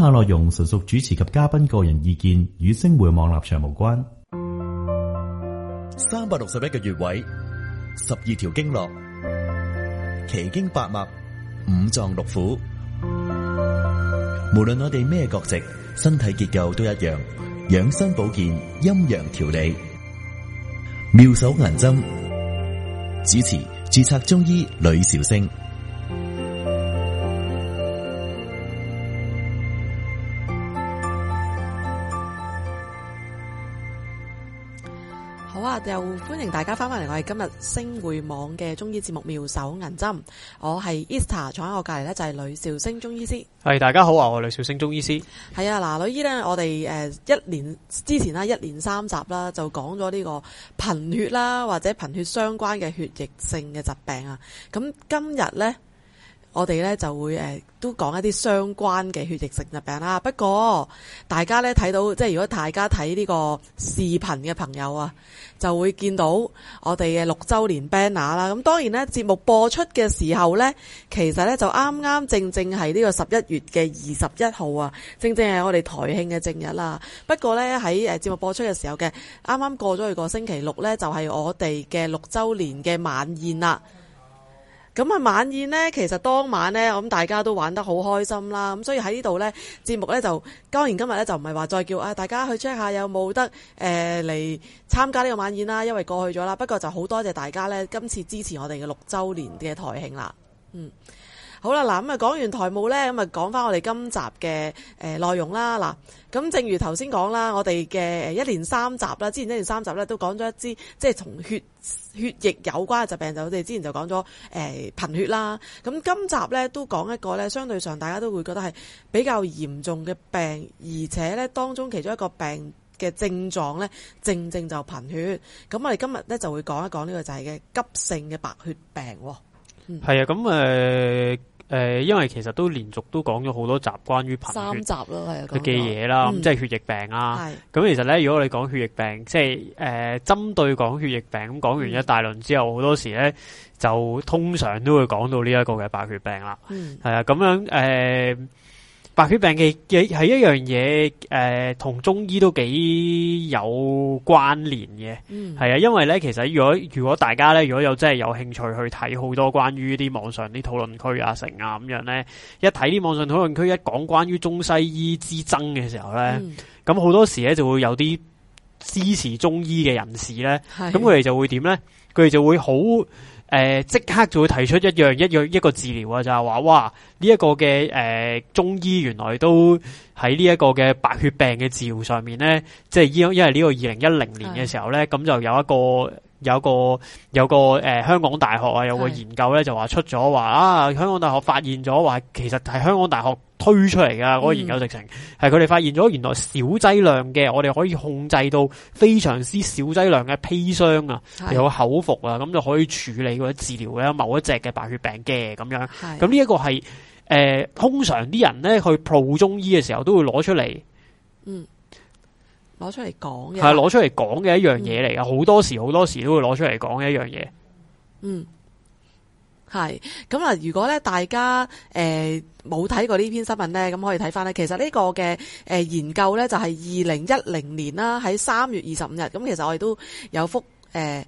下內容純屬，屬主持及嘉賓個人意見，與星回網立場無關。三百六十一個穴位，十二條經絡，奇經八脈，五臟六腑。無論我哋咩國籍，身體結構都一樣。養生保健，陰陽調理，妙手銀針。主持註冊中醫呂小星。又歡迎大家翻返嚟，我係今日星匯網嘅中醫節目妙手銀針，我係 Esther 坐喺我隔籬呢就係呂兆星中醫師。係、hey, 大家好啊，我係呂兆星中醫師。係啊，嗱，呂醫呢，我哋誒一年之前啦，一連三集啦，就講咗呢個貧血啦，或者貧血相關嘅血液性嘅疾病啊。咁今日呢。我哋呢就會誒都講一啲相關嘅血液性疾病啦。不過大家呢睇到，即係如果大家睇呢個視頻嘅朋友啊，就會見到我哋嘅六週年 banner 啦。咁當然呢，節目播出嘅時候呢，其實呢就啱啱正正係呢個十一月嘅二十一號啊，正正係我哋台慶嘅正日啦。不過呢，喺節目播出嘅時候嘅，啱啱過咗去個星期六呢，就係我哋嘅六週年嘅晚宴啦。咁啊晚宴呢，其實當晚呢，我諗大家都玩得好開心啦，咁所以喺呢度呢，節目呢，就，當然今日呢，就唔係話再叫啊大家去 check 下有冇得誒嚟參加呢個晚宴啦，因為過去咗啦，不過就好多謝大家呢，今次支持我哋嘅六周年嘅台慶啦，嗯。好啦，嗱咁啊，講完台務咧，咁啊，講返我哋今集嘅誒內容啦，嗱，咁正如頭先講啦，我哋嘅一連三集啦，之前一連三集咧都講咗一支，即係同血血液有關嘅疾病，就我哋之前就講咗誒貧血啦，咁今集咧都講一個咧相對上大家都會覺得係比較嚴重嘅病，而且咧當中其中一個病嘅症狀咧正正就貧血，咁我哋今日咧就會講一講呢個就係嘅急性嘅白血病，喎、嗯。係啊，咁誒。呃誒、呃，因為其實都連續都講咗好多集關於貧血嘅嘢啦，咁即係血液病啦。咁、嗯、其實咧，如果我哋講血液病，即係誒、呃、針對講血液病，咁講完一大輪之後，好、嗯、多時咧就通常都會講到呢一個嘅白血病啦。係、嗯、啊，咁樣誒。呃白血病嘅嘅係一樣嘢，誒、呃，同中醫都幾有關聯嘅，係、嗯、啊，因為咧，其實如果如果大家咧，如果有如果真係有興趣去睇好多關於啲網上啲討論區啊、成啊咁樣咧，一睇啲網上討論區，一講關於中西醫之爭嘅時候咧，咁、嗯、好多時咧就會有啲支持中醫嘅人士咧，咁佢哋就會點咧？佢哋就會好。誒即刻就會提出一樣一樣一個治療啊，就係、是、話哇呢一、這個嘅誒、呃、中醫原來都喺呢一個嘅白血病嘅治療上面咧，即係因因為呢個二零一零年嘅時候咧，咁就有一個。有個有個誒、呃、香港大學啊，有個研究咧就話出咗話啊，香港大學發現咗話，其實係香港大學推出嚟噶嗰個研究直情係佢哋發現咗原來小劑量嘅，我哋可以控制到非常之小劑量嘅砒霜啊，有口服啊，咁就可以處理或者治療嘅某一隻嘅白血病嘅咁樣。咁呢一個係誒、呃、通常啲人咧去 pro 中醫嘅時候都會攞出嚟。嗯。攞出嚟講嘅，係攞出嚟講嘅一樣嘢嚟嘅，好、嗯、多時好多時都會攞出嚟講嘅一樣嘢。嗯，係咁啊！如果咧大家誒冇睇過呢篇新聞咧，咁可以睇翻咧。其實呢個嘅誒、呃、研究咧，就係二零一零年啦，喺三月二十五日。咁其實我哋都有幅，誒、呃。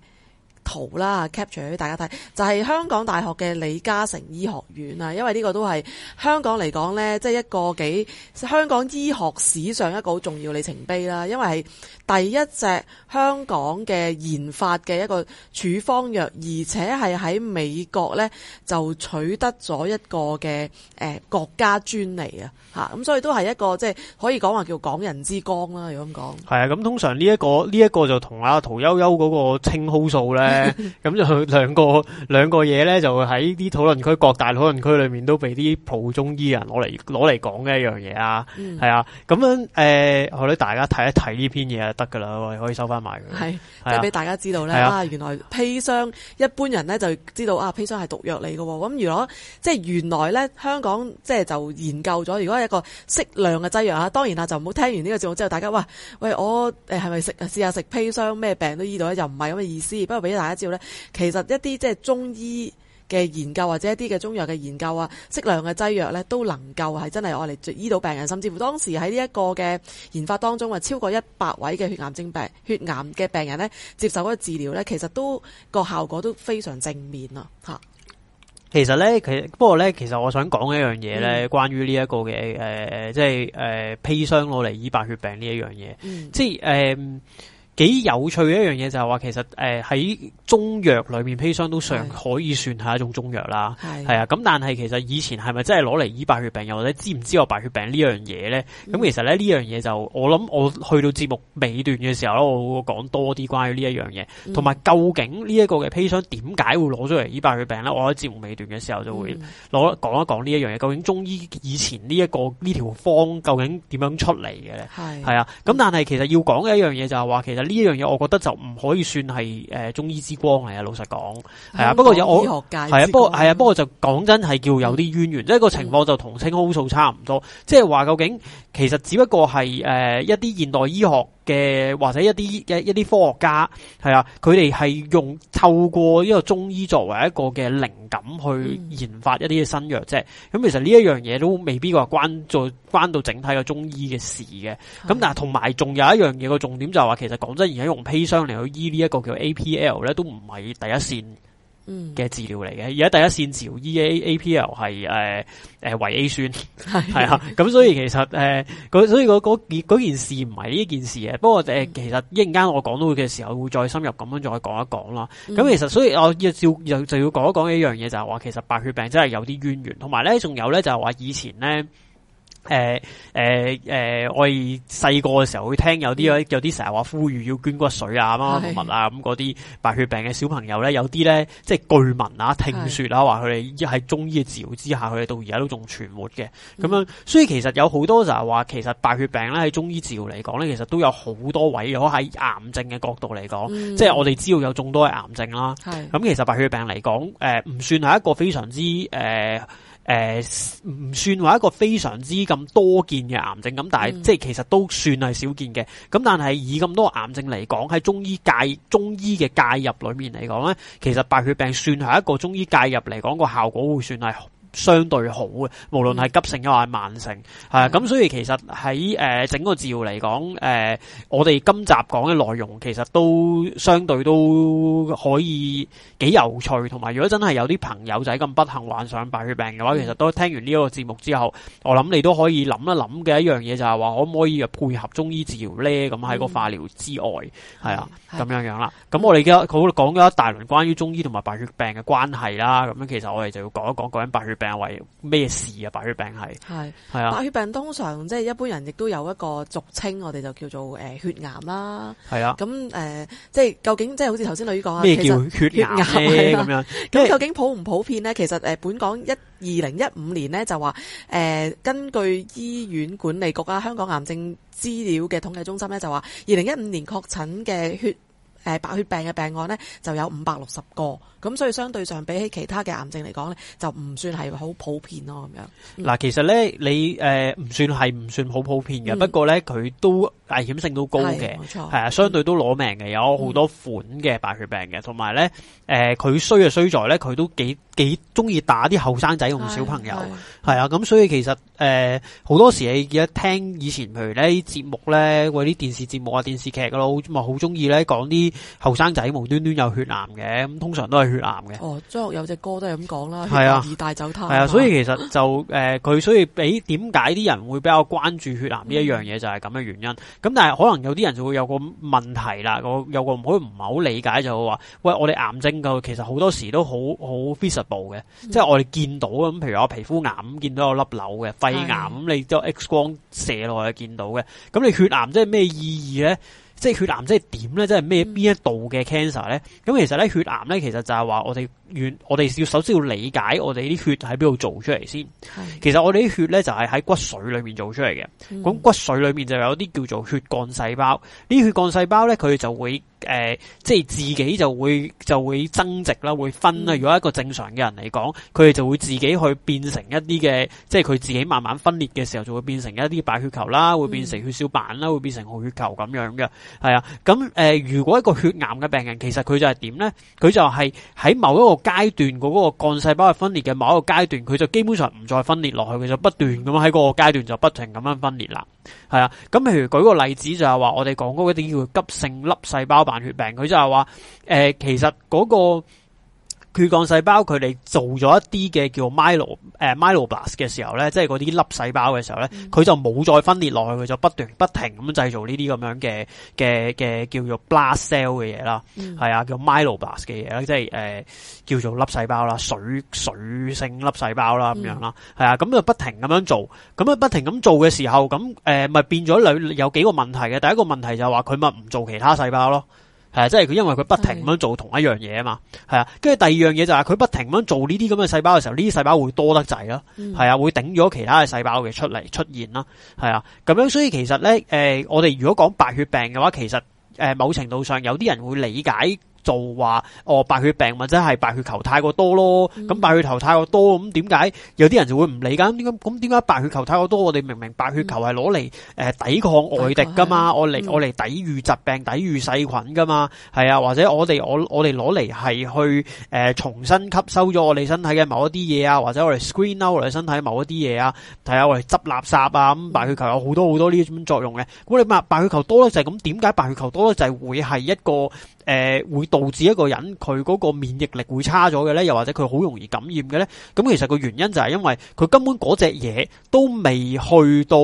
圖啦，capture 俾大家睇，就係、是、香港大學嘅李嘉誠醫學院啊，因為呢個都係香港嚟講呢即係一個幾香港醫學史上一個好重要里程碑啦，因為係第一隻香港嘅研發嘅一個處方藥，而且係喺美國呢就取得咗一個嘅誒、呃、國家專利啊，吓，咁所以都係一個即係、就是、可以講話叫港人之光啦，如果咁講。係啊，咁通常呢、這、一個呢一、這個就同阿屠呦呦嗰個青蒿素呢。嗯咁、 呃、就兩個兩個嘢咧，就喺啲討論區各大討論區裏面，都俾啲普中醫人攞嚟攞嚟講嘅一樣嘢啊，係、嗯、啊，咁樣誒、呃，我哋大家睇一睇呢篇嘢就得噶啦，我哋可以收翻埋佢。即係俾大家知道咧，啊，原來砒霜一般人咧就知道啊，砒霜係毒藥嚟噶喎。咁如果即係原來咧，香港即係就研究咗，如果係一個適量嘅劑藥啊，當然啦，就唔好聽完呢個節目之後，大家話，喂，我誒係咪食試下食砒霜咩病都醫到咧？又唔係咁嘅意思。不過俾大家知道咧，其實一啲即係中醫。嘅研究或者一啲嘅中藥嘅研究啊，適量嘅劑藥咧都能夠係真係愛嚟醫到病人，甚至乎當時喺呢一個嘅研發當中啊，超過一百位嘅血癌症病血癌嘅病人咧，接受嗰個治療咧，其實都個效果都非常正面啊！吓，其實咧，其實不過咧，其實我想講一樣嘢咧，關於呢一個嘅誒、呃，即係誒砒霜攞嚟醫白血病呢一樣嘢、嗯，即係誒。呃幾有趣嘅一樣嘢就係、是、話，其實誒喺、呃、中藥裏面砒霜都尚可以算係一種中藥啦，係啊，咁但係其實以前係咪真係攞嚟醫白血病又或者知唔知有白、嗯嗯、白血病呢樣嘢咧？咁其實咧呢樣嘢就我諗我去到節目尾段嘅時候我會講多啲關於呢一樣嘢，同埋究竟呢一個嘅砒霜點解會攞咗嚟醫白血病咧？我喺節目尾段嘅時候就會攞、嗯、講一講呢一樣嘢，究竟中醫以前呢、呢、一個呢條、呢個、方究竟點樣出嚟嘅咧？係啊、嗯，咁但係其實要講嘅一樣嘢就係、是、話，其實呢樣嘢，我覺得就唔可以算係誒、呃、中醫之光嚟啊！老實講，係、嗯、啊、嗯。不過有我醫學界之光係啊，不過係、嗯、啊，不過就講真係叫有啲淵源，嗯、即係個情況就同青蒿素差唔多，即係話究竟。其實只不過係誒、呃、一啲現代醫學嘅，或者一啲嘅一啲科學家係啊，佢哋係用透過呢個中醫作為一個嘅靈感去研發一啲嘅新藥啫。咁其實呢一樣嘢都未必話關在關到整體嘅中醫嘅事嘅。咁但係同埋仲有一樣嘢個重點就係、是、話，其實講真而家用砒霜嚟，去醫呢一個叫 A P L 咧，都唔係第一線。嘅治療嚟嘅，而家第一線治療 E A A P L 係誒誒、呃、維、呃、A 酸係係啊，咁 所以其實誒、呃，所以嗰件事唔係呢件事嘅，不過誒、呃嗯、其實一陣間我講到佢嘅時候會再深入咁樣再講一講啦咁其實所以我要照又就要講一講一樣嘢，就係話、就是、其實白血病真係有啲淵源，同埋咧仲有咧就係話以前咧。誒誒誒，我哋細個嘅時候會聽有啲、嗯、有啲成日話呼籲要捐骨髓啊，乜乜物啊，咁嗰啲白血病嘅小朋友咧，有啲咧即係據聞啊，聽說啦、啊，話佢哋喺中醫嘅治療之下，佢哋到而家都仲存活嘅，咁、嗯、樣。所以其實有好多就係話，其實白血病咧喺中醫治療嚟講咧，其實都有好多位，如果喺癌症嘅角度嚟講、嗯，即係我哋知道有眾多嘅癌症啦。咁、嗯，其實白血病嚟講，誒、呃、唔算係一個非常之誒。呃誒、呃，唔算話一個非常之咁多見嘅癌症咁，但係即係其實都算係少見嘅。咁但係以咁多癌症嚟講，喺中醫介中醫嘅介入裏面嚟講咧，其實白血病算係一個中醫介入嚟講個效果會算係。相對好嘅，無論係急性又係慢性，係、嗯、啊，咁所以其實喺誒、呃、整個治療嚟講，誒、呃、我哋今集講嘅內容其實都相對都可以幾有趣，同埋如果真係有啲朋友仔咁不幸患上白血病嘅話，其實都聽完呢個節目之後，我諗你都可以諗一諗嘅一樣嘢就係話可唔可以配合中醫治療呢？咁喺個化療之外，係、嗯、啊，咁樣咁樣啦。咁我哋嘅好講咗一大輪關於中醫同埋白血病嘅關係啦，咁樣其實我哋就要講一講關於白血。為咩事啊？白血病係係係啊！白血病通常即係一般人亦都有一個俗稱，我哋就叫做誒、呃、血癌啦。係啊，咁誒、呃、即係究竟即係好似頭先女醫講啊，咩叫血癌咁樣？咁究竟普唔普遍呢？其實誒、呃，本港一二零一五年呢，就話誒、呃，根據醫院管理局啊，香港癌症資料嘅統計中心咧就話，二零一五年確診嘅血誒、呃、白血病嘅病案咧就有五百六十個。咁所以相對上比起其他嘅癌症嚟講咧，就唔算係好普遍咯咁樣。嗱、嗯，其實咧你誒唔、呃、算係唔算好普遍嘅，嗯，不過咧佢都危險性都高嘅，冇錯，係啊，相對都攞命嘅，嗯，有好多款嘅白血病嘅，同埋咧誒佢衰啊衰在咧佢都幾幾中意打啲後生仔同小朋友，係啊，咁所以其實誒好、呃、多時你得聽以前譬如咧節目咧，或者啲電視節目啊電視劇咯，咁好中意咧講啲後生仔無端端有血癌嘅，咁通常都係。血癌嘅，哦，張學友隻歌都係咁講啦。啊、二大走他，係啊，啊，所以其實就誒佢、呃、所以比點解啲人會比較關注血癌呢一樣嘢就係咁嘅原因。咁、嗯、但係可能有啲人就會有個問題啦，有個唔可以唔係好理解就話，喂，我哋癌症嘅其實好多時都好好 visible 嘅，visible 嗯、即係我哋見到咁，譬如我皮膚癌咁見到有粒瘤嘅，肺癌咁你都 X 光射落去見到嘅，咁你血癌即係咩意義咧？即係血癌即，即係點咧？即係咩？邊一度嘅 cancer 咧？咁其實咧，血癌咧，其實就係話我哋願，我哋要首先要理解我哋啲血喺邊度做出嚟先。其實我哋啲血咧就係喺骨髓裏面做出嚟嘅。咁、嗯、骨髓裏面就有啲叫做血幹細胞，呢啲血幹細胞咧佢就會。誒、呃，即係自己就會就會增值啦，會分啦。如果一個正常嘅人嚟講，佢哋就會自己去變成一啲嘅，即係佢自己慢慢分裂嘅時候，就會變成一啲白血球啦，會變成血小板啦，會變成紅血球咁樣嘅，係啊。咁誒、呃，如果一個血癌嘅病人，其實佢就係點咧？佢就係喺某一個階段嗰個幹細胞嘅分裂嘅某一個階段，佢、那個、就基本上唔再分裂落去，佢就不斷咁喺個階段就不停咁樣分裂啦，係啊。咁譬如舉個例子就係話，我哋講嗰一啲叫急性粒細胞、慢血病佢就係話，誒其實嗰個血幹細胞佢哋做咗一啲嘅叫 Myelo Mylo,、uh, 誒 Myeloblast 嘅時候咧，即係嗰啲粒細胞嘅時候咧，佢、嗯、就冇再分裂落去，佢就不斷不停咁製造呢啲咁樣嘅嘅嘅叫做 blast cell 嘅嘢啦，係、嗯、啊叫 Myeloblast 嘅嘢啦，即係誒、uh, 叫做粒細胞啦，水水性粒細胞啦咁、嗯、樣啦，係啊，咁就不停咁樣做，咁樣不停咁做嘅時候，咁誒咪變咗兩有幾個問題嘅，第一個問題就係話佢咪唔做其他細胞咯。係啊，即係佢因為佢不停咁樣做同一樣嘢啊嘛，係啊，跟住第二樣嘢就係佢不停咁樣做呢啲咁嘅細胞嘅時候，呢啲細胞會多得滯咯，係啊，會頂咗其他嘅細胞嘅出嚟出現啦，係啊，咁樣所以其實咧，呃，我哋如果講白血病嘅話，其實，呃，某程度上有啲人會理解。就話哦，白血病或者係白血球太過多咯，咁、嗯、白血球太過多，咁點解有啲人就會唔理解？咁點解？咁點解白血球太過多？我哋明明白血球係攞嚟抵抗外敵噶嘛？我嚟我嚟抵禦疾病、抵禦細菌噶嘛？係啊，或者我哋我我哋攞嚟係去、呃、重新吸收咗我哋身體嘅某一啲嘢啊，或者我哋 screen out 我哋身體某一啲嘢啊，睇下我哋執垃圾啊咁，白血球有好多好多呢啲咁作用嘅。咁你白白血球多咧就係、是、咁，點解白血球多咧就係、會係一個、呃會導致一個人佢嗰個免疫力會差咗嘅呢，又或者佢好容易感染嘅呢。咁其實個原因就係因為佢根本嗰隻嘢都未去到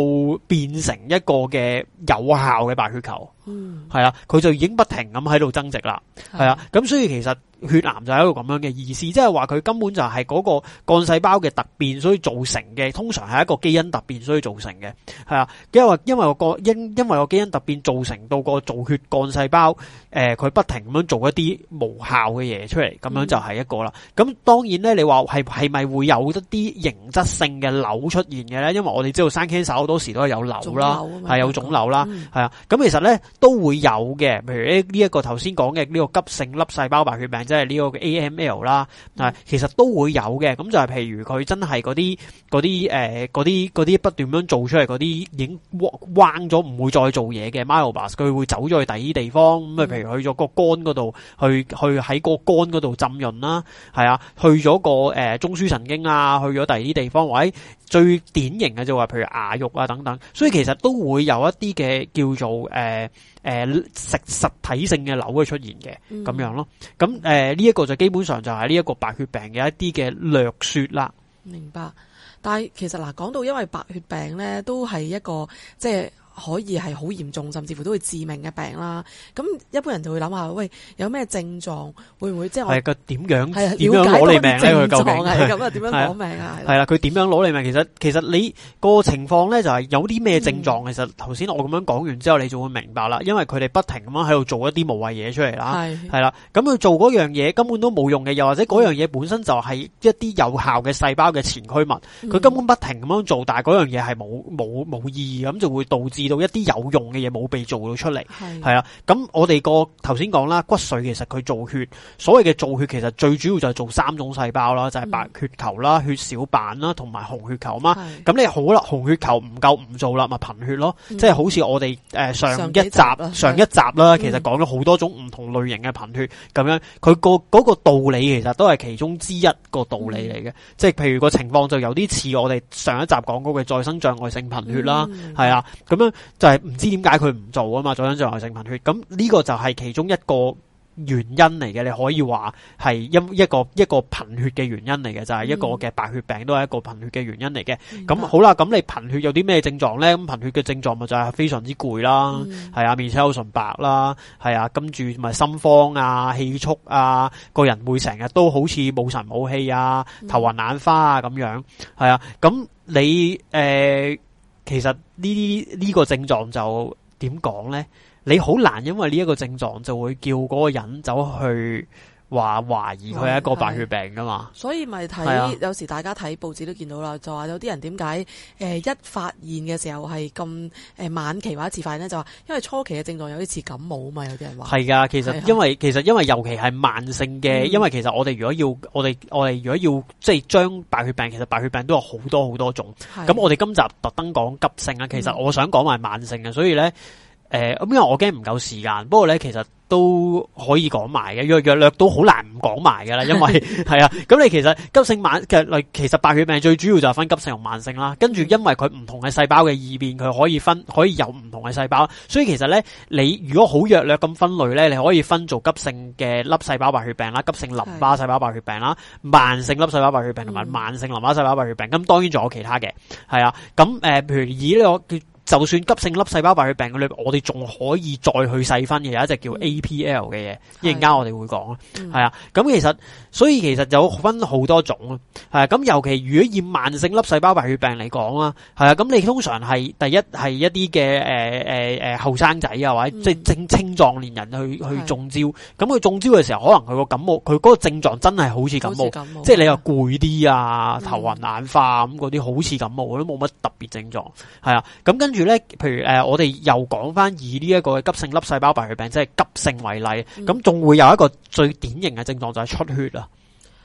變成一個嘅有效嘅白血球。嗯，係啊，佢就已經不停咁喺度增值啦，係啊，咁所以其實血癌就喺度咁樣嘅意思，即係話佢根本就係嗰個幹細胞嘅突變，所以造成嘅，通常係一個基因突變所以造成嘅，係啊，因為個因，因為個因基因突變造成到個造血幹細胞，誒、呃、佢不停咁樣做一啲無效嘅嘢出嚟，咁樣就係一個啦。咁、嗯、當然咧，你話係係咪會有一啲形質性嘅瘤出現嘅咧？因為我哋知道生 cancer 好多時都有瘤啦，係有腫瘤啦，係啊。咁、嗯啊、其實咧。都會有嘅，譬如呢一個頭先講嘅呢個急性粒細胞白血病，即係呢個 AML 啦、嗯。其實都會有嘅，咁就係譬如佢真係嗰啲嗰啲嗰啲嗰啲不斷咁做出嚟嗰啲已經彎咗，唔會再做嘢嘅 myeloblast 佢會走咗去第二啲地方。咁啊，譬如去咗個肝嗰度，去去喺個肝嗰度浸潤啦，係啊，去咗、個、呃、中樞神經啊，去咗第二啲地方，或者最典型嘅就話，譬如牙肉啊等等。所以其實都會有一啲嘅叫做、呃誒、呃，食實，實體性嘅瘤會出現嘅，咁、嗯、樣咯，咁誒呢一個就基本上就係呢一個白血病嘅一啲嘅略說啦。明白，但係其實嗱，講到因為白血病咧，都係一個即係。可以係好嚴重，甚至乎都會致命嘅病啦。咁一般人就會諗下，喂，有咩症狀？會唔會即係個點樣瞭解啲症狀？係咁啊，點樣攞命啊？係啦，佢點樣攞你命？其實其實你個情況咧就係有啲咩症狀？其實頭先我咁樣講完之後，你就會明白啦。因為佢哋不停咁樣喺度做一啲無謂嘢出嚟啦。係係啦，咁佢做嗰樣嘢根本都冇用嘅，又或者嗰樣嘢本身就係一啲有效嘅細胞嘅前驅物，佢根本不停咁樣做，但係嗰樣嘢係冇冇冇意義咁，就會導致。到一啲有用嘅嘢冇被做到出嚟，係啊。咁我哋個頭先講啦，骨髓其實佢造血，所謂嘅造血其實最主要就係做三種細胞啦，就係、是、白血球啦、嗯、血小板啦，同埋紅血球啊嘛。咁你好啦，紅血球唔夠唔做啦，咪貧血咯。嗯、即係好似我哋誒、呃、上一集，上，集上一集啦，其實講咗好多種唔同類型嘅貧血咁、嗯、樣，佢個嗰、那個道理其實都係其中之一個道理嚟嘅。嗯、即係譬如個情況就有啲似我哋上一集講過個再生障礙性貧血啦，係、嗯、啊，咁樣。就係、是，唔知點解佢唔做啊嘛，再生障礙性貧血，咁呢個就係其中一個原因嚟嘅，你可以話係一一個一個貧血嘅原因嚟嘅，就係、是、一個嘅白血病都係一個貧血嘅原因嚟嘅。咁好啦，咁你貧血有啲咩症狀咧？咁貧血嘅症狀咪就係非常之攰啦，係、嗯、啊，面色好純白啦，係啊，跟住咪心慌啊、氣促啊，個人會成日都好似冇神冇氣啊，嗯、頭暈眼花啊咁樣，係啊，咁你誒。呃其實呢啲呢個症狀就點講呢？你好難，因為呢一個症狀就會叫嗰個人走去。話懷疑佢係一個白血病噶嘛，是，所以咪睇有時大家睇報紙都見到啦，就話有啲人點解誒一發現嘅時候係咁誒晚期或者遲發呢？就話因為初期嘅症狀有啲似感冒啊嘛，有啲人話係噶，其實因為，因為其實因為尤其係慢性嘅，嗯、因為其實我哋如果要我哋我哋如果要即係將白血病，其實白血病都有好多好多種，咁我哋今集特登講急性啊，其實我想講埋慢性嘅，嗯、所以呢。誒、呃，咁因為我驚唔夠時間，不過咧其實都可以講埋嘅，若弱略都好難唔講埋噶啦，因為係 啊，咁你其實急性慢其實白血病最主要就係分急性同慢性啦，跟住因為佢唔同嘅細胞嘅異變，佢可以分可以有唔同嘅細胞，所以其實咧你如果好弱略咁分類咧，你可以分做急性嘅粒細胞白血病啦，急性淋巴細胞白血病啦，慢性粒細胞白血病同埋慢性淋巴細胞白血病，咁、嗯、當然仲有其他嘅，係啊，咁誒、呃，譬如以呢個就算急性粒細胞白血病嘅裏，我哋仲可以再去細分嘅，有一隻叫 APL 嘅嘢，一陣間我哋會講咯，係啊。咁、嗯、其實，所以其實有分好多種咯，係啊。咁尤其如果以慢性粒細胞白血病嚟講啦，係啊。咁你通常係第一係一啲嘅誒誒誒後生仔啊，或者即係、嗯、正青壯年人去去中招，咁佢中招嘅時候，可能佢個感冒，佢嗰個症狀真係好，好似感冒，即係你又攰啲啊、嗯，頭暈眼花咁嗰啲，好似感冒，都冇乜特別症狀，係啊。咁跟住。住咧，譬如誒，我哋又講翻以呢一個急性粒細胞白血病即係急性為例，咁仲會有一個最典型嘅症狀就係出血啦。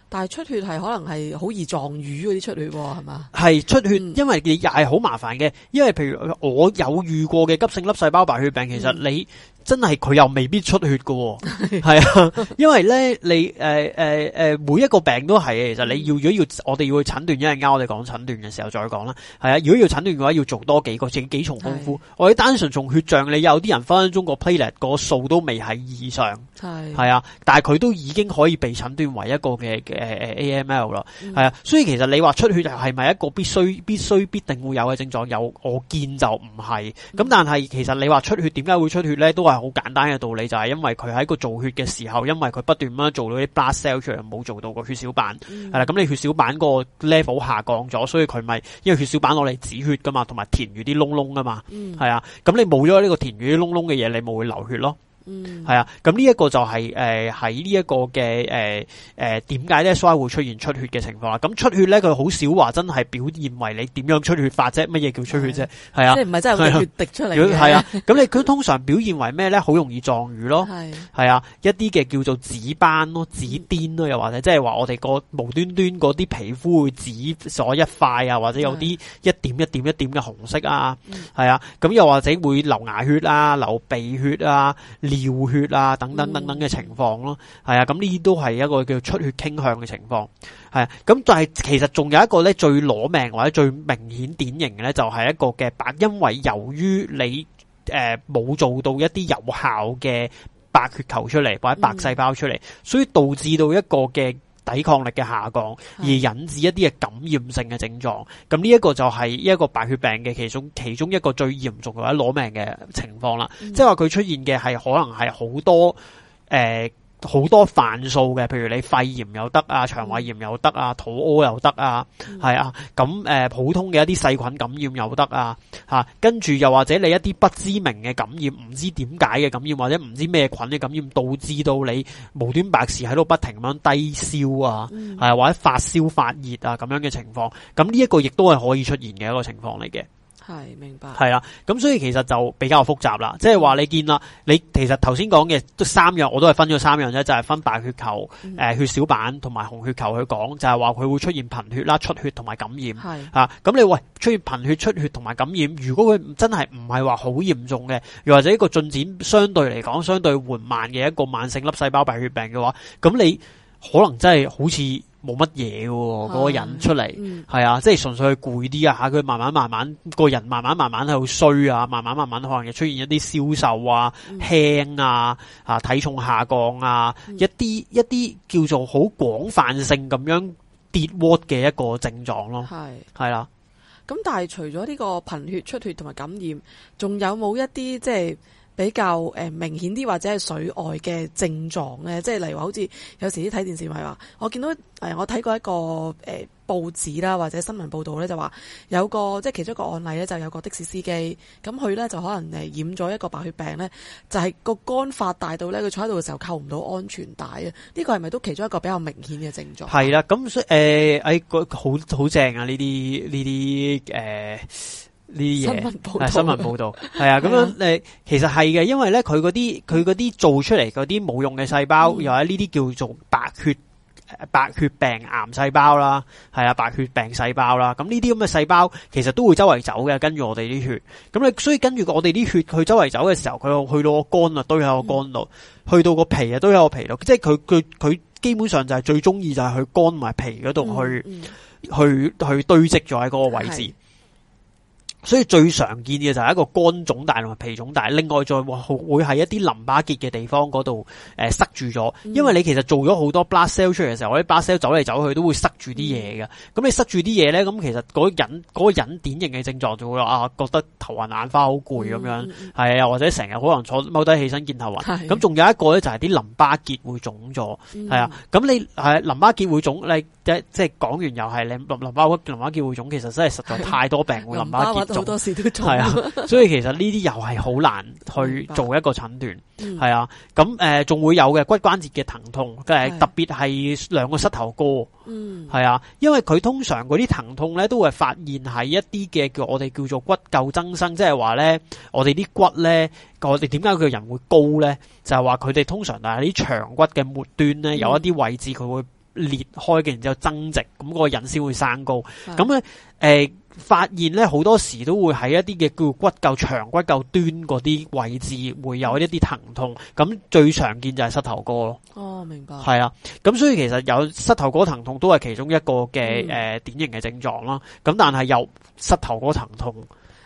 但係出血係可能係好易撞瘀嗰啲出血係嘛？係出血，因為你又係好麻煩嘅，因為譬如我有遇過嘅急性粒細胞白血病，其實你。真係佢又未必出血嘅、哦，係 啊，因為咧，你誒誒誒，每一個病都係，其實你要如果要我哋要去診斷，因為一陣間我哋講診斷嘅時候再講啦，係啊，如果要診斷嘅話，要做多幾個幾幾重功夫，我哋單純從血象，你有啲人分分鐘個 plate 個數都未喺異常，係啊，但係佢都已經可以被診斷為一個嘅嘅誒 A M L 啦，係、呃嗯、啊，所以其實你話出血係咪一個必須必須必定會有嘅症狀？有我見就唔係，咁、嗯、但係其實你話出血點解會出血咧？都話。好簡單嘅道理，就係因為佢喺個造血嘅時候，因為佢不斷咁樣做到啲 blast cell 出嚟，冇做到個血小板。係、嗯、啦，咁你血小板個 level 下降咗，所以佢咪因為血小板攞嚟止血噶嘛，同埋填住啲窿窿㗎嘛，係、嗯、啊，咁你冇咗呢個填住啲窿窿嘅嘢，你冇會流血咯。嗯，係啊，咁呢一個就係誒喺呢一個嘅誒誒點解咧衰會出現出血嘅情況啦？咁出血咧佢好少話真係表現為你點樣出血法啫？乜嘢叫出血啫？係啊，即係唔係真係血滴出嚟嘅？係啊，咁、啊 啊、你佢通常表現為咩咧？好容易撞瘀咯，係啊，一啲嘅叫做紫斑咯、紫癜咯，又或者即係話我哋個無端端嗰啲皮膚會紫咗一塊啊，或者有啲一,一點一點一點嘅紅色啊，係、嗯嗯、啊，咁又或者會流牙血啊、流鼻血啊。尿血啊，等等等等嘅情況咯，係啊，咁呢啲都係一個叫出血傾向嘅情況，係啊，咁但係其實仲有一個咧最攞命或者最明顯典型嘅咧，就係一個嘅白，因為由於你誒冇做到一啲有效嘅白血球出嚟或者白細胞出嚟，所以導致到一個嘅。抵抗力嘅下降，而引致一啲嘅感染性嘅症狀，咁呢一個就係一個白血病嘅其中其中一個最嚴重或者攞命嘅情況啦，即係話佢出現嘅係可能係好多誒。呃好多範數嘅，譬如你肺炎又得啊，腸胃炎又得啊，肚屙又得啊，係、嗯、啊，咁、呃、普通嘅一啲細菌感染又得啊，跟、啊、住又或者你一啲不知名嘅感染，唔知點解嘅感染，或者唔知咩菌嘅感染，導致到你無端白事喺度不停咁樣低燒啊、嗯、係啊，或者發燒發熱啊咁樣嘅情況，咁呢一個亦都係可以出現嘅一個情況嚟嘅。係，明白。係啦、啊，咁所以其實就比較複雜啦，即係話你見啦，你其實頭先講嘅都三樣，我都係分咗三樣啫，就係、是、分白血球、誒、嗯呃、血小板同埋紅血球去講，就係話佢會出現貧血啦、出血同埋感染。係啊，咁你喂出現貧血、出血同埋感、啊、感染，如果佢真係唔係話好嚴重嘅，又或者一個進展相對嚟講相對緩慢嘅一個慢性粒細胞白血病嘅話，咁你可能真係好似。冇乜嘢嘅嗰個人出嚟，係啊，即、嗯、係純粹係攰啲啊，佢慢慢慢慢個人慢慢慢慢喺度衰啊，慢慢慢慢可能又出現一啲消瘦啊、嗯、輕啊、啊體重下降啊、嗯，一啲一啲叫做好廣泛性咁樣跌落嘅一個症狀咯，係係啦。咁但係除咗呢個貧血出血同埋感染，仲有冇一啲即係？比較明顯啲或者係水外嘅症狀咧，即係例如話好似有時啲睇電視咪話，我見到我睇過一個、呃、報紙啦或者新聞報導咧就話有個即係其中一個案例咧就有個的士司機咁佢咧就可能染咗一個白血病咧，就係、係、個肝發大到咧佢坐喺度嘅時候扣唔到安全帶啊！呢、呢個係咪都其中一個比較明顯嘅症狀？係啦，咁所以誒誒好好正啊！呢啲呢啲呢啲嘢，新聞報道，係啊，咁樣誒，其實係嘅，因為咧，佢嗰啲佢啲做出嚟嗰啲冇用嘅細胞，又喺呢啲叫做白血白血病癌細胞啦，係啊，白血病細胞啦，咁呢啲咁嘅細胞其實都會周圍走嘅，跟住我哋啲血，咁你所以跟住我哋啲血去周圍走嘅時候，佢去到個肝啊，堆喺個肝度，嗯、去到個皮啊，堆喺個皮度，即係佢佢佢基本上就係最中意就係去肝埋皮嗰度去、嗯、去去，去堆積咗喺嗰個位置。嗯所以最常見嘅就係一個肝腫大同埋脾腫大，另外再會會係一啲淋巴結嘅地方嗰度誒塞住咗，因為你其實做咗好多 blast cell 出嚟嘅時候，啲 blast cell 走嚟走去都會塞住啲嘢嘅。咁、嗯、你塞住啲嘢咧，咁其實嗰隱嗰個隱、嗰個嗰個、典型嘅症狀就會啊覺得頭暈眼花、好攰咁樣，係、嗯、啊，或者成日可能坐踎低起身見頭暈。咁仲有一個咧就係啲淋巴結會腫咗，係、嗯、啊。咁你係淋巴結會腫，你即係講完又係你淋巴結淋巴結會腫，其實真係實在太多病會淋巴結。好多事都做，係啊，所以其實呢啲又係好難去做一個診斷，係、嗯、啊，咁誒仲會有嘅骨關節嘅疼痛，特別係兩個膝頭哥，嗯，係啊，因為佢通常嗰啲疼痛咧都會發現係一啲嘅叫我哋叫做骨垢增生，即係話咧我哋啲骨咧，我哋點解佢人會高咧？就係話佢哋通常就係啲長骨嘅末端咧有一啲位置佢會裂開嘅，然之後增殖，咁、個人先會生高，咁咧誒。發現咧好多時都會喺一啲嘅叫骨骺、長骨骺端嗰啲位置會有一啲疼痛，咁最常見就係膝頭哥咯。哦，明白。係啊，咁所以其實有膝頭哥疼痛都係其中一個嘅誒、嗯呃、典型嘅症狀啦。咁但係又膝頭哥疼痛。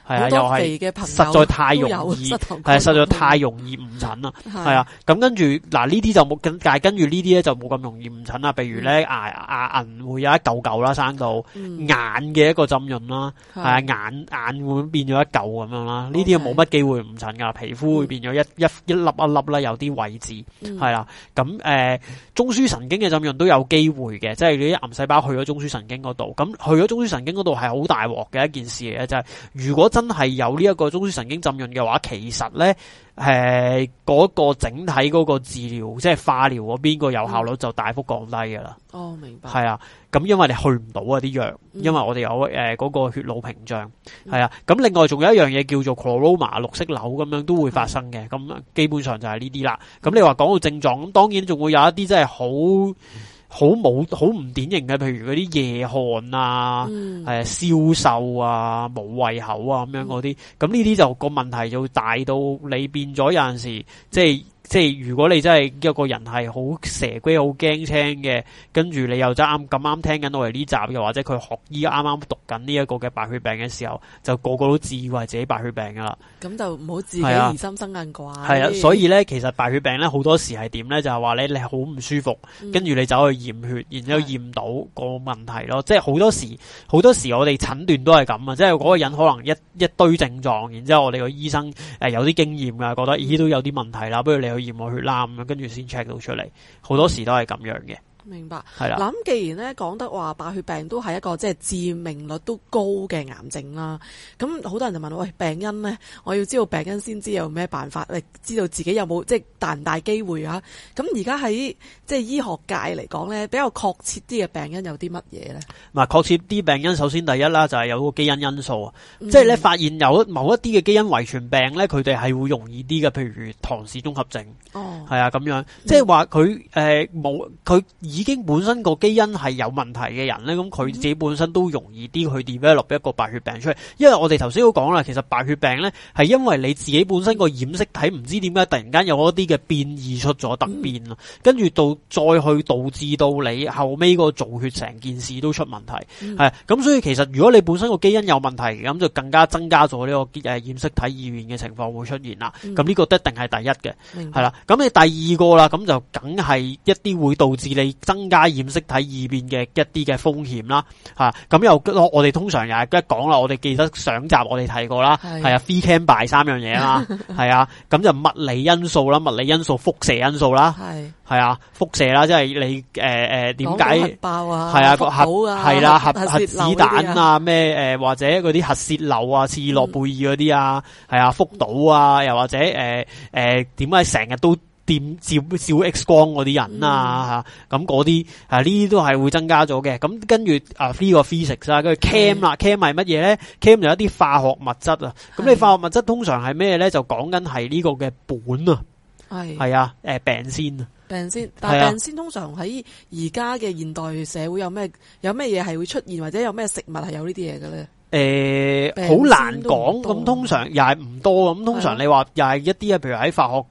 係啊又係，實在太容易，係實在太容易誤診啦。係、嗯、啊，咁跟住嗱呢啲就冇咁，但係跟住呢啲咧就冇咁容易誤診啦。譬如咧，牙牙齦會有一嚿嚿啦，生到、嗯、眼嘅一個浸潤啦，係啊，啊，眼眼會變咗一嚿咁樣啦。呢啲冇乜機會誤診噶，okay、皮膚會變咗一一、嗯、一粒一粒啦，有啲位置係啦。咁、嗯、誒、啊呃，中樞神經嘅浸潤都有機會嘅，即係你啲癌細胞去咗中樞神經嗰度，咁去咗中樞神經嗰度係好大鑊嘅一件事嚟嘅，就係、是、如果、嗯。真係有呢一個中樞神經浸潤嘅話，其實呢，誒、呃、嗰、那個整體嗰個治療，即係化療嗰邊個有效率就大幅降低噶啦、嗯。哦，明白。係啊，咁因為你去唔到啊啲藥，因為我哋有誒嗰、呃那個血腦屏障。係、嗯、啊，咁另外仲有一樣嘢叫做 chloroma 綠色瘤咁樣都會發生嘅。咁、嗯、基本上就係呢啲啦。咁你話講到症狀，咁當然仲會有一啲真係好。嗯好冇好唔典型嘅，譬如嗰啲夜汗啊，誒、嗯、消瘦啊，冇胃口啊咁樣嗰啲，咁呢啲就個問題就大到你變咗有陣時即係。就是即係如果你真係一個人係好蛇龜好驚青嘅，跟住你又真啱咁啱聽緊我哋呢集，又或者佢學醫啱啱讀緊呢一個嘅白血病嘅時候，就個個都自以為自己白血病噶啦，咁就唔好自己疑心生暗鬼。係啊，啊，所以咧，其實白血病咧，好多時係點咧，就係、是、話你你好唔舒服，跟、嗯、住你走去驗血，然之後驗到個問題咯。即係好多時，好多時我哋診斷都係咁啊，即係嗰個人可能一一堆症狀，然之後我哋個醫生誒、嗯、呃、有啲經驗噶，覺得咦都有啲問題啦，不如你驗我血啦咁，跟住先 check 到出嚟，好多時都係咁樣嘅。明白係啦。嗱，咁既然咧，講得話，白血病都係一個即係、就是、致命率都高嘅癌症啦。咁好多人就問我，喂，病因咧，我要知道病因先知有咩辦法嚟，知道自己有冇即係大唔大機會啊？咁而家喺即係醫學界嚟講咧，比較確切啲嘅病因有啲乜嘢咧？嗱，確切啲病因，首先第一啦，就係、是、有個基因因素啊、嗯。即係咧，發現有某一啲嘅基因遺傳病咧，佢哋係會容易啲嘅。譬如唐氏綜合症，哦，係啊，咁樣，即係話佢誒冇佢。嗯已經本身個基因係有問題嘅人咧，咁佢自己本身都容易啲去 develop 落一個白血病出嚟，因為我哋頭先都講啦，其實白血病咧係因為你自己本身個染色體唔知點解突然間有一啲嘅變異出咗突變，跟住到再去導致到你後尾個造血成件事都出問題，係咁所以其實如果你本身個基因有問題，咁就更加增加咗呢個誒染色體異變嘅情況會出現啦，咁呢個一定係第一嘅。係啦，咁你第二個啦，咁就梗係一啲會導致你。增加染色體異變嘅一啲嘅風險啦，啊，咁、啊、又、啊嗯啊、我哋通常又係一講啦，我哋記得上集我哋提過啦，係啊 f r e e c a m b y 三樣嘢啦，係啊，咁、啊 啊、就物理因素啦，物理因素輻射因素啦，係係啊，輻射啦，啊，即、就、係、是、你誒誒點解爆啊？係啊，核啦，啊，核核子彈啊咩、呃、或者嗰啲核泄漏啊，次諾貝爾嗰啲啊，係、嗯、啊，福島啊，又或者誒點解成日都？照，照 X 光嗰啲人啊，咁嗰啲啊呢啲、啊、都係會增加咗嘅。咁跟住啊 three、啊這個 physics 啊，跟住 cam 啦 cam 係乜嘢咧？cam 就一啲化學物質啊。咁你化學物質通常係咩咧？就講緊係呢個嘅苯啊，係係啊，誒病先啊，病先、啊病先，但係病先通常喺而家嘅現代社會有咩有咩嘢係會出現，或者有咩食物係有呢啲嘢嘅咧？誒、呃，好難講。咁通常又係唔多。咁、嗯通，通，呃、通，通常你話又係一啲啊，譬如喺化學。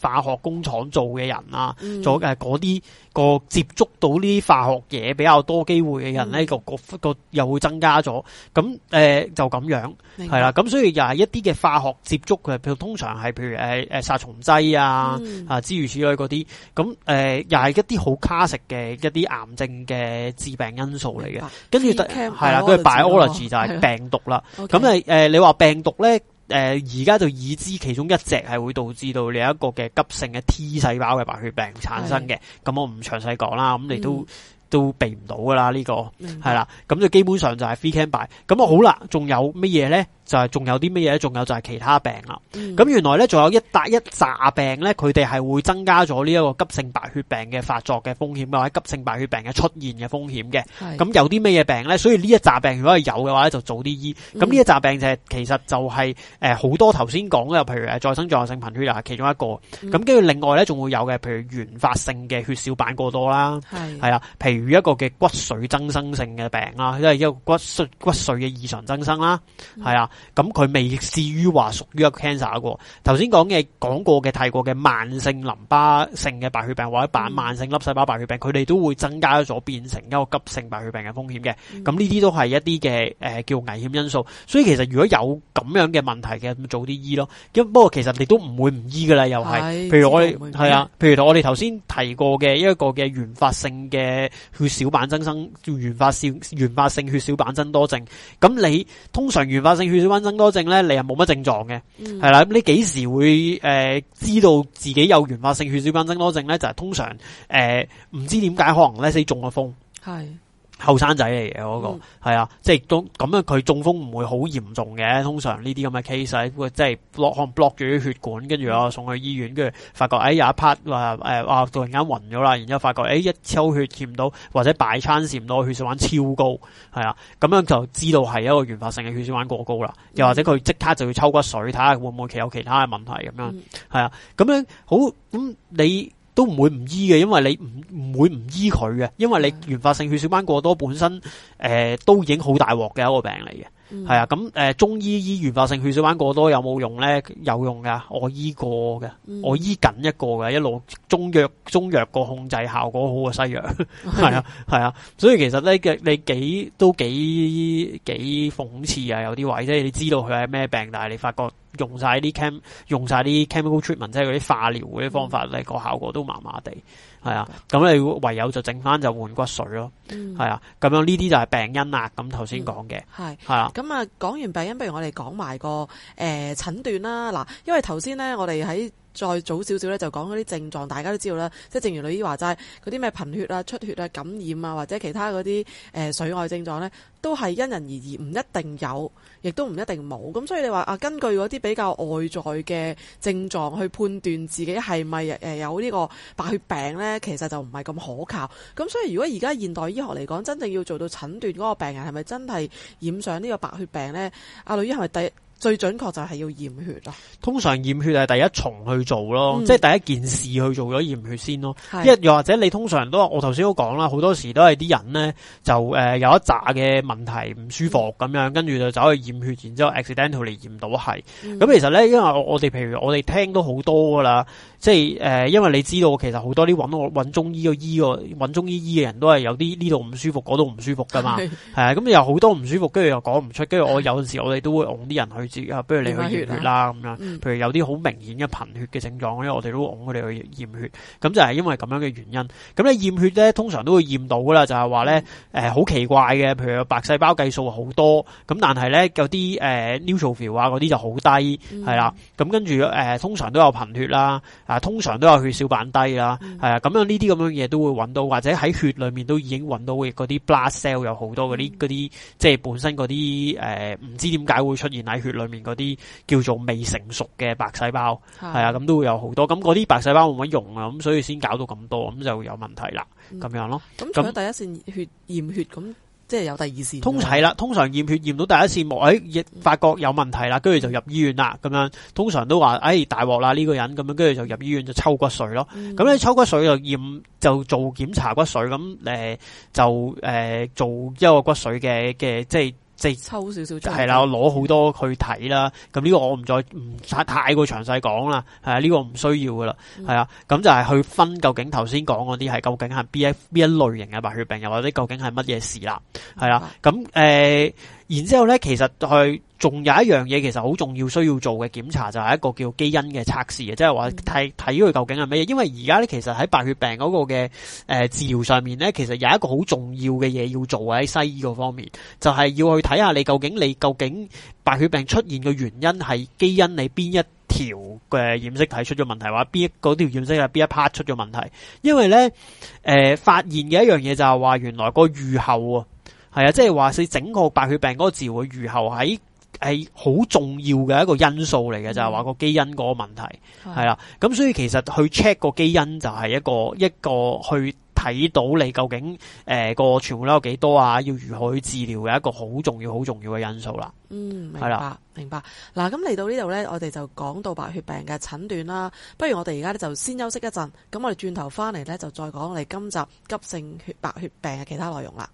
化學工廠做嘅人啊，做誒嗰啲個接觸到呢啲化學嘢比較多機會嘅人咧，個個個又會增加咗。咁誒、呃、就咁樣係啦。咁所以又係一啲嘅化學接觸嘅，譬如通常係譬如誒誒殺蟲劑啊、嗯、啊諸如此類嗰啲。咁誒、呃、又係一啲好 classic 嘅一啲癌症嘅致病因素嚟嘅。跟住係啦，佢係 biology 就係、哦就是、病毒啦。咁誒誒，你話病毒咧？誒、呃，而家就已知其中一隻係會導致到另一個嘅急性嘅 T 細胞嘅白血病產生嘅，咁我唔詳細講啦，咁你都、嗯、都避唔到噶啦，呢、呢個係啦，咁就基本上就係 f e can buy，咁啊好啦，仲有乜嘢咧？就係、是、仲有啲咩嘢咧？仲有就係其他病啦。咁原來咧，仲有一笪一紮病咧，佢哋係會增加咗呢一個急性白血病嘅發作嘅風險，或者急性白血病嘅出現嘅風險嘅。咁有啲咩嘢病咧？所以呢一紮病如果係有嘅話咧，就早啲醫。咁、嗯、呢一紮病就係其實就係、是、好、呃、多頭先講嘅，譬如再生障礙性貧血啊，又係其中一個。咁跟住另外咧，仲會有嘅，譬如原發性嘅血小板過多啦，係啊，譬如一個嘅骨髓增生性嘅病啦，即、就、係、是、一個骨髓骨髓嘅異常增生啦，係、嗯、啊。咁佢未至於話屬於一 cancer 個癌症，頭先講嘅講過嘅泰國嘅慢性淋巴性嘅白血病或者板慢性粒細胞白血病，佢哋都會增加咗變成一個急性白血病嘅風險嘅。咁呢啲都係一啲嘅誒叫危險因素。所以其實如果有咁樣嘅問題嘅，早啲醫咯。不過其實你都唔會唔醫噶啦，又係。譬如我哋，係啊，譬如我哋頭先提過嘅一個嘅原發性嘅血小板增生，叫原發性原發性血小板增多症。咁你通常原發性血小板板增多症咧，你又冇乜症狀嘅，係、嗯、啦。咁你幾時會誒、呃、知道自己有原發性血小板增多症咧？就係、是、通常誒唔、呃、知點解可能咧死中咗風係。後生仔嚟嘅嗰個係、嗯、啊，即係都咁樣佢中風唔會好嚴重嘅，通常呢啲咁嘅 case，即係 b l o 可能 block 住啲血管，跟住啊送去醫院，跟住發覺誒、哎、有一 part 話誒突然間暈咗啦，然之後發覺誒、哎、一抽血驗到或者擺餐唔到血小板超高，係啊，咁樣就知道係一個原發性嘅血小板過高啦，又或者佢即刻就要抽骨水睇下會唔會其有其他嘅問題咁樣，係、嗯、啊，咁樣好咁、嗯、你。都唔會唔醫嘅，因為你唔唔會唔醫佢嘅，因為你原發性血小板過多本身，誒、呃、都已經好大鑊嘅一個病嚟嘅。係啊，咁、嗯、誒，嗯、中醫醫原發性血小板過多有冇用咧？有用噶，我醫過嘅、嗯，我醫緊一個嘅，一路中藥中藥個控制效果好過西藥，係、嗯、啊係啊，啊，所以其實咧嘅你幾都幾幾諷刺啊，有啲位即係你知道佢係咩病，但係你發覺用晒啲 chem 用晒啲 chemical treatment，即係嗰啲化療嗰啲方法咧個、嗯、效果都麻麻地，係啊，咁你唯有就整翻就換骨髓咯，係、嗯、啊，咁樣呢啲就係病因啦。咁頭先講嘅係係啊。咁啊，講完病因，不如我哋講埋個誒診斷啦。嗱，因為頭先咧，我哋喺再早少少咧，就講嗰啲症狀，大家都知道啦。即係正如女醫話齋，嗰啲咩貧血啊、出血啊、感染啊，或者其他嗰啲誒水外症狀呢，都係因人而異，唔一定有，亦都唔一定冇。咁所以你話啊，根據嗰啲比較外在嘅症狀去判斷自己係咪有呢個白血病呢，其實就唔係咁可靠。咁所以如果而家現代醫學嚟講，真正要做到診斷嗰個病人係咪真係染上呢個白血病呢？阿女醫係咪第？最準確就係要驗血咯、啊。通常驗血係第一重去做咯，嗯、即係第一件事去做咗驗血先咯。因為又或者你通常都我頭先都講啦，好多時都係啲人咧就、呃、有一紮嘅問題唔舒服咁樣，跟住就走去驗血，然之後 accidentally 嚟驗到係。咁、嗯、其實咧，因為我哋譬如我哋聽都好多㗎啦，即係、呃、因為你知道其實好多啲搵我搵中醫個醫個搵中醫醫嘅人都係有啲呢度唔舒服，嗰度唔舒服㗎嘛。係咁、呃、又好多唔舒服，跟住又講唔出，跟住我有陣時我哋都會搵啲人去。啊、不如你去驗血啦，咁樣。譬如有啲好明顯嘅貧血嘅症狀，因為我哋都㧬佢哋去驗血，咁就係因為咁樣嘅原因。咁你驗血咧通常都會驗到噶啦，就係話咧，誒，好奇怪嘅，譬如個白細胞計數好多，咁但係咧有啲誒、呃、n e u t r o l 啊嗰啲就好低，係、嗯、啦。咁跟住誒、呃、通常都有貧血啦，啊通常都有血小板低啦，係、嗯、啊。咁樣呢啲咁樣嘢都會揾到，或者喺血裏面都已經揾到嘅嗰啲 blood cell 有好多嗰啲啲，那些那些嗯、即係本身嗰啲誒唔知點解會出現喺血裏面嗰啲叫做未成熟嘅白細胞，係啊，咁都會有好多，咁嗰啲白細胞會唔會溶啊？咁所以先搞到咁多，咁就有問題啦，咁、嗯、樣咯。咁、嗯、除咗第一線血驗血，咁即係有第二線。通齊啦，通常驗血驗到第一線，冇喺亦發覺有問題啦，跟住就入醫院啦，咁樣通常都話，哎，大鑊啦呢個人，咁樣跟住就入醫院就抽骨髓咯。咁、嗯、你抽骨髓就驗就做檢查骨髓，咁誒、呃、就誒、呃、做一個骨髓嘅嘅即係。即係抽少少，係啦，我攞好多去睇啦。咁呢個我唔再唔太，太，太過詳細講啦。係、啊、呢、呢個唔需要噶啦。係、嗯、啊，咁就係去分究竟頭先講嗰啲係究竟係邊一邊一類型嘅白血病，又或者究竟係乜嘢事啦？係啦，咁誒。啊嗯嗯然之後咧，其實佢仲有一樣嘢，其實好重要，需要做嘅檢查就係一個叫基因嘅測試。即係話睇睇佢究竟係咩嘢。因為而家咧，其實喺白血病嗰個嘅誒、呃、治療上面咧，其實有一個好重要嘅嘢要做。喺西醫嗰方面，就係要去睇下你究竟你究竟白血病出現嘅原因係基因，你邊一條嘅染色體出咗問題，話邊嗰條染色體邊一 part 出咗問題。因為咧誒、呃、發現嘅一樣嘢就係話，原來個預後啊。係啊，即係話，你整個白血病嗰個字會如何喺，係好重要嘅一個因素嚟嘅，就係、是、話個基因嗰個問題係啦。咁所以其實去 check 個基因就係一個一個去睇到你究竟誒個存活率有幾多啊？要如何去治療嘅一個好重要、好重要嘅因素啦。嗯，明白明白。嗱，咁嚟到呢度呢，我哋就講到白血病嘅診斷啦。不如我哋而家咧就先休息一陣，咁我哋轉頭翻嚟呢，就再講我哋今集急性血白血病嘅其他內容啦。